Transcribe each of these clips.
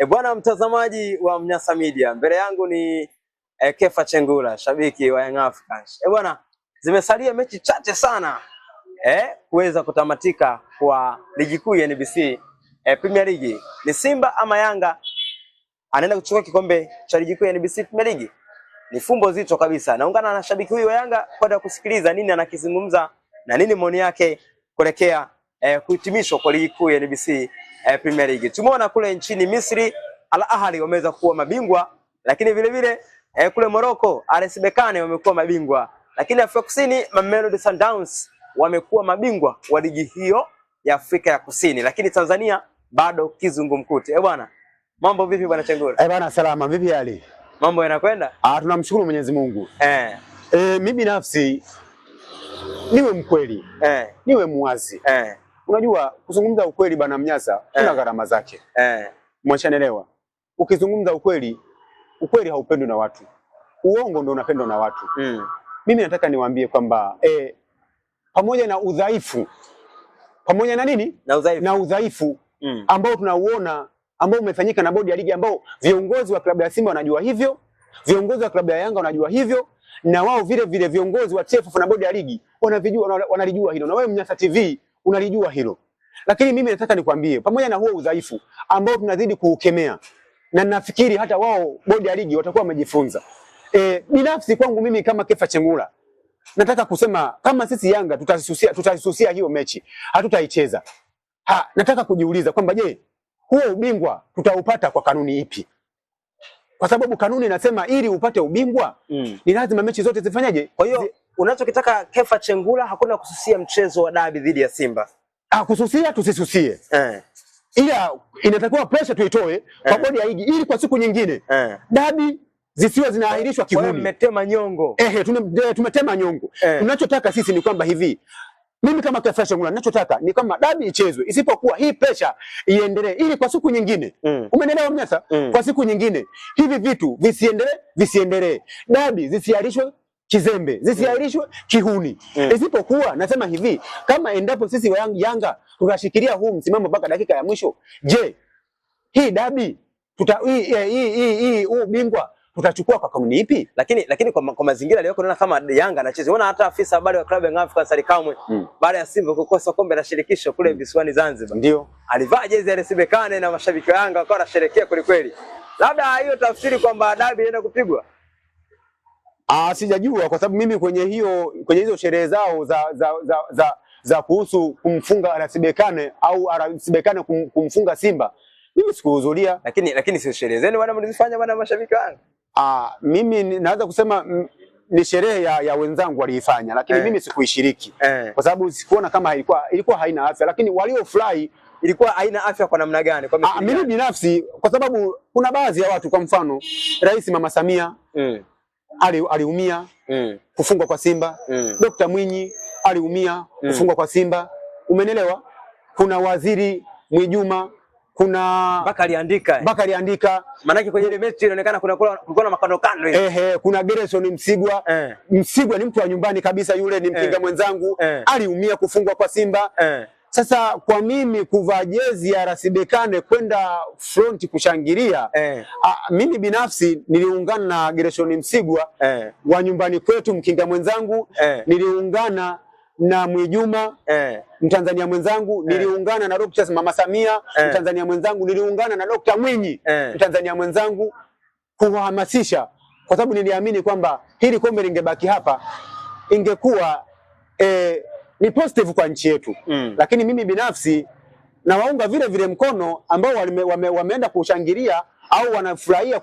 E, bwana mtazamaji wa Mnyasa Media, mbele yangu ni e, Kefa Chengula, shabiki wa Young Africans. E, bwana zimesalia mechi chache sana e, kuweza kutamatika kwa ligi kuu ya NBC e, Premier League. Ni Simba ama Yanga anaenda kuchukua kikombe cha ligi kuu ya NBC Premier League? Ni fumbo zito kabisa. Naungana na shabiki huyu wa Yanga kwenda kusikiliza nini anakizungumza na nini maoni yake kuelekea e, kuhitimishwa kwa ligi kuu ya NBC eh, Premier League. Tumeona kule nchini Misri Al Ahly wameweza kuwa mabingwa, lakini vile vile eh, kule Morocco RS Berkane wamekuwa mabingwa, lakini Afrika Kusini Mamelodi Sundowns wamekuwa mabingwa wa ligi hiyo ya Afrika ya Kusini, lakini Tanzania bado kizungumkuti. Eh, bwana mambo vipi bwana Chengura? Eh, bwana salama, vipi hali? Mambo yanakwenda? Ah, tunamshukuru Mwenyezi Mungu. Eh. Eh, mimi binafsi niwe mkweli. Eh. Niwe muwazi. Eh. Unajua kuzungumza ukweli bana Mnyasa kuna eh, gharama zake eh, mwashanelewa. Ukizungumza ukweli, ukweli haupendwi na watu, uongo ndio unapendwa na watu mm. Mimi nataka niwaambie kwamba eh, pamoja na udhaifu pamoja na nini na udhaifu, na udhaifu mm. ambao tunauona ambao umefanyika na bodi ya ligi ambao viongozi wa klabu ya Simba wanajua hivyo, viongozi wa klabu ya Yanga wanajua hivyo, na wao vile vile viongozi wa TFF na bodi ya ligi wanavijua, wanalijua hilo. Na wewe Mnyasa TV unalijua hilo. Lakini mimi nataka nikwambie, pamoja na huo udhaifu ambao tunazidi kuukemea na nafikiri hata wao bodi ya ligi watakuwa wamejifunza. Eh, binafsi kwangu mimi kama Kefa Chengula nataka kusema kama sisi Yanga tutasusia, tutasusia hiyo mechi hatutaicheza. Ha, nataka kujiuliza kwamba je, huo ubingwa tutaupata kwa kanuni ipi? Kwa sababu kanuni inasema ili upate ubingwa mm, ni lazima mechi zote zifanyaje? Kwa hiyo unachokitaka Kefa Chengula, hakuna kususia mchezo wa dabi dhidi ya Simba. Ah, kususia tusisusie eh. Ila inatakiwa pressure tuitoe kwa eh, bodi ya ligi ili kwa siku nyingine eh, dabi zisiwe zinaahirishwa kihuni. Mmetema nyongo eh, tumetema nyongo eh. Unachotaka sisi ni kwamba hivi mimi kama Kefa Chengula ninachotaka ni kama dabi ichezwe, isipokuwa hii pressure iendelee, ili kwa siku nyingine mm. Umeelewa Mnyasa mm. Kwa siku nyingine hivi vitu visiendelee, visiendelee, dabi zisiahirishwe kizembe, zisiahirishwe mm. kihuni. Mm. Isipokuwa nasema hivi, kama endapo sisi wa Yanga tutashikilia huu msimamo mpaka dakika ya mwisho, je, hii dabi tuta hii hii hii hii huu bingwa tutachukua kwa kanuni ipi? Lakini lakini kwa, kwa mazingira leo naona kama Yanga anacheza. Unaona hata afisa habari wa klabu ya Ngafu Kansari Kamwe mm. baada ya Simba kukosa kombe la shirikisho kule mm. visiwani Zanzibar. Ndio. Alivaa jezi ya RS Berkane na mashabiki wa Yanga wakawa wanasherehekea kweli kweli. Labda hiyo tafsiri kwamba adabu inaenda kupigwa. Ah, sijajua kwa sababu mimi kwenye hiyo kwenye hizo sherehe zao za za za, za, za kuhusu kumfunga RS Berkane au RS Berkane kum, kumfunga Simba mimi sikuhudhuria. Lakini lakini sio sherehe zenu wana mlizifanya wana mashabiki wangu. Ah, mimi naweza kusema m, ni sherehe ya, ya wenzangu waliifanya, lakini eh, mimi sikuishiriki eh, kwa sababu sikuona kama ilikuwa ilikuwa haina afya, lakini walio fly ilikuwa haina afya kwa namna gani? Kwa ah, mimi binafsi, kwa sababu kuna baadhi ya watu, kwa mfano Rais Mama Samia mm aliumia mm. kufungwa kwa Simba mm. Dokta Mwinyi aliumia mm. kufungwa kwa Simba, umenelewa. Kuna waziri Mwijuma, kuna aliandika mpaka aliandika, maana yake kwenye ile mechi inaonekana kuna kulikuwa na makando kando eh, kuna Gerson Msigwa eh. Msigwa ni mtu wa nyumbani kabisa, yule ni eh. mpinga eh. mwenzangu eh. aliumia kufungwa kwa Simba eh. Sasa kwa mimi kuvaa jezi ya RS Berkane kwenda front kushangilia eh. Ah, mimi binafsi niliungana na Gerson Msigwa eh. wa nyumbani kwetu mkinga mwenzangu eh. niliungana na Mwijuma eh. Mtanzania mwenzangu eh. niliungana na Dr. Mama Samia eh. Mtanzania mwenzangu niliungana na Dr. Mwinyi eh. Mtanzania mwenzangu kuhamasisha, kwa sababu niliamini kwamba hili kombe lingebaki hapa ingekuwa eh, ni positive kwa nchi yetu mm. Lakini mimi binafsi nawaunga vile vile mkono ambao wame, wame, wameenda kushangilia au wanafurahia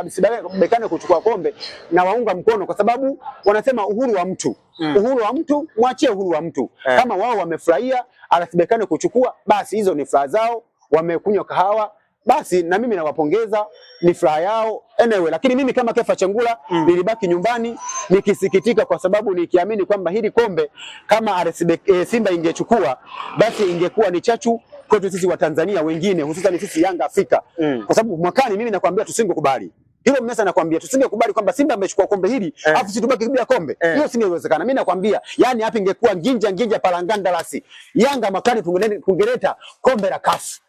RBC Berkane kuchukua kombe, na waunga mkono kwa sababu wanasema uhuru wa mtu mm. uhuru wa mtu mwachie uhuru wa mtu yeah. Kama wao wamefurahia RBC Berkane kuchukua, basi hizo ni furaha zao, wamekunywa kahawa basi na mimi nawapongeza, ni furaha yao anyway. Lakini mimi kama Kefa Changula mm. nilibaki nyumbani nikisikitika, kwa sababu nikiamini kwamba hili kombe kama RSB, e, eh, Simba ingechukua basi ingekuwa ni chachu kwetu sisi wa Tanzania wengine, hususan sisi Yanga Afrika mm. kwa sababu mwakani, mimi nakwambia, tusingekubali hilo mmesa nakwambia tusingekubali kwamba Simba amechukua kombe hili eh, afu situbaki bila kombe eh. hiyo eh, singewezekana. Mimi nakwambia, yani hapa ingekuwa nginja nginja palanganda lasi Yanga makali, tungeleta kombe la kasi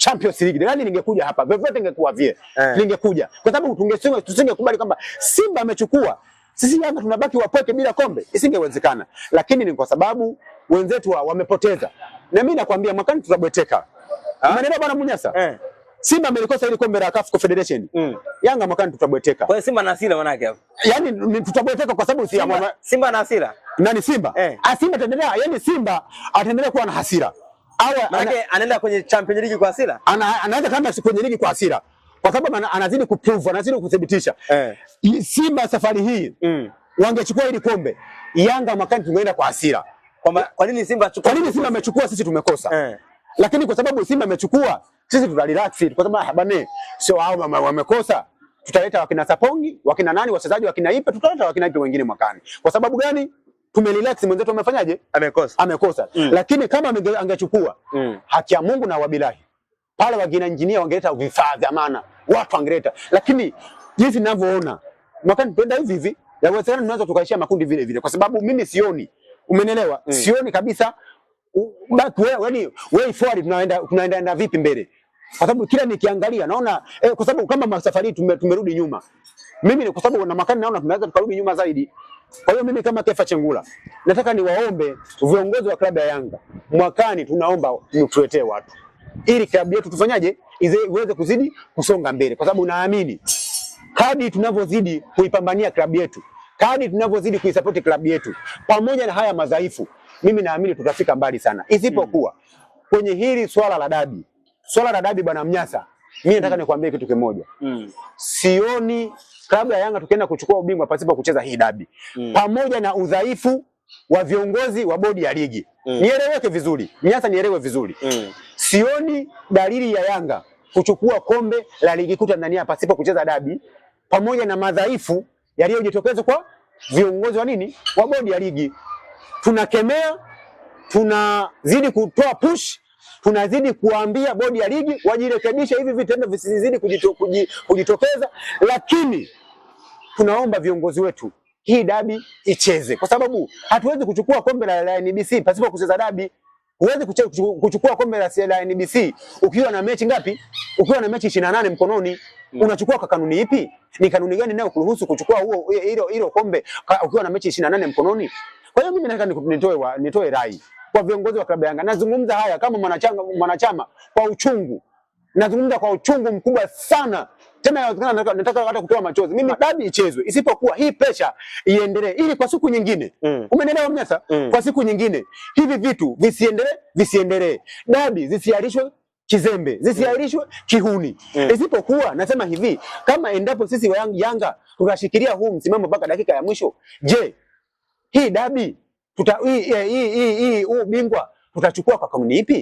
Champions League. Nani ningekuja hapa? Vyovyote ningekuwa vile. Eh. Ningekuja. Kwa sababu tungesema tusingekubali kwamba Simba amechukua. Sisi Yanga tunabaki wapote bila kombe. Isingewezekana. Lakini ni kwa sababu wenzetu wamepoteza. Na mimi nakwambia mwakani tutabweteka. Maneno bwana Munyasa. Eh. Simba amelikosa ile kombe la CAF Confederation. Mm. Yanga mwakani tutabweteka. Kwa hiyo Simba na hasira wanake hapo. Yaani tutabweteka kwa sababu Simba, Simba na hasira. Nani Simba? Eh. Ah, Simba ataendelea, yaani Simba ataendelea kuwa na hasira manake anaenda kwenye Champions League kwa hasira. Ana, anaenda kama kwenye ligi kwa hasira. Kwa sababu anazidi kuprove, anazidi kuthibitisha. Eh. Simba safari hii mm. wangechukua hili kombe. Yanga mwakani tungeenda kwa hasira. Kwa, kwa nini Simba chukua, Kwa nini Simba amechukua sisi tumekosa? Eh. Lakini kwa sababu Simba amechukua sisi tuta relax, kwa ah, sababu eh, habane sio hao wamekosa tutaleta wakina Sapongi, wakina nani wachezaji wakina Ipe, tutaleta wakina Ipe wengine mwakani. Kwa sababu gani? tumerelax mwenzetu amefanyaje? Amekosa, amekosa mm. Lakini kama angechukua mm. haki ya Mungu na wabilahi pale, wagina injinia wangeleta vifaa vya maana, watu wangeleta, lakini jinsi ninavyoona mwaka nipenda hivi hivi, yawezekana tunaweza tukaishia makundi vile vile, kwa sababu mimi sioni, umenielewa mm. sioni kabisa, baki wewe, yani wewe forward tunaenda tunaenda vipi mbele kwa sababu kila nikiangalia naona eh, kwa sababu kama safari tume, tumerudi nyuma. Mimi ni kwa sababu na makani naona tunaweza tukarudi nyuma zaidi. Kwa hiyo mimi kama Kefa Chengula nataka niwaombe viongozi wa klabu ya Yanga, mwakani tunaomba mtuletee watu ili klabu yetu tufanyaje iweze kuzidi kusonga mbele, kwa sababu naamini kadi tunavyozidi kuipambania klabu yetu, kadi tunavyozidi kuisupport klabu yetu, pamoja na haya madhaifu, mimi naamini tutafika mbali sana, isipokuwa kwenye hili swala la dabi swala la dabi bwana Mnyasa, mimi nataka mm. nikwambie kitu kimoja mm. sioni klabu ya Yanga tukienda kuchukua ubingwa pasipo kucheza hii dabi mm. pamoja na udhaifu wa viongozi wa bodi ya ligi mm. nieleweke vizuri, Mnyasa nielewe vizuri mm. sioni dalili ya Yanga kuchukua kombe la ligi kuu Tanzania pasipo kucheza dabi pamoja na madhaifu yaliyojitokeza kwa viongozi wa nini wa bodi ya ligi. Tunakemea, tunazidi kutoa push tunazidi kuambia bodi ya ligi wajirekebishe, hivi vitendo visizidi kujito, kujitokeza, lakini tunaomba viongozi wetu hii dabi icheze, kwa sababu hatuwezi kuchukua kombe la, la NBC pasipo kucheza dabi. Huwezi kuchukua kombe la, la NBC ukiwa na mechi ngapi? Ukiwa na mechi 28 mkononi mm. Unachukua kwa kanuni ipi? Ni kanuni gani nayo kuruhusu kuchukua huo hilo hilo kombe ukiwa na mechi 28 mkononi? Kwa hiyo mimi nataka nitoe nitoe rai kwa viongozi wa klabu ya Yanga. Nazungumza haya kama mwanachama, mwanachama kwa uchungu, nazungumza kwa uchungu mkubwa sana tena inawezekana nataka, nataka hata kutoa machozi mimi. Dabi ichezwe, isipokuwa hii pesha iendelee, ili kwa siku nyingine mm. umeendelea mnyasa mm. Kwa siku nyingine hivi vitu visiendelee, visiendelee, dabi zisiarishwe kizembe zisiahirishwe kihuni mm. Isipokuwa nasema hivi, kama endapo sisi wa Yanga tukashikilia huu msimamo mpaka dakika ya mwisho, je, hii dabi tuta hii hii hii huu bingwa tutachukua kwa kauni ipi?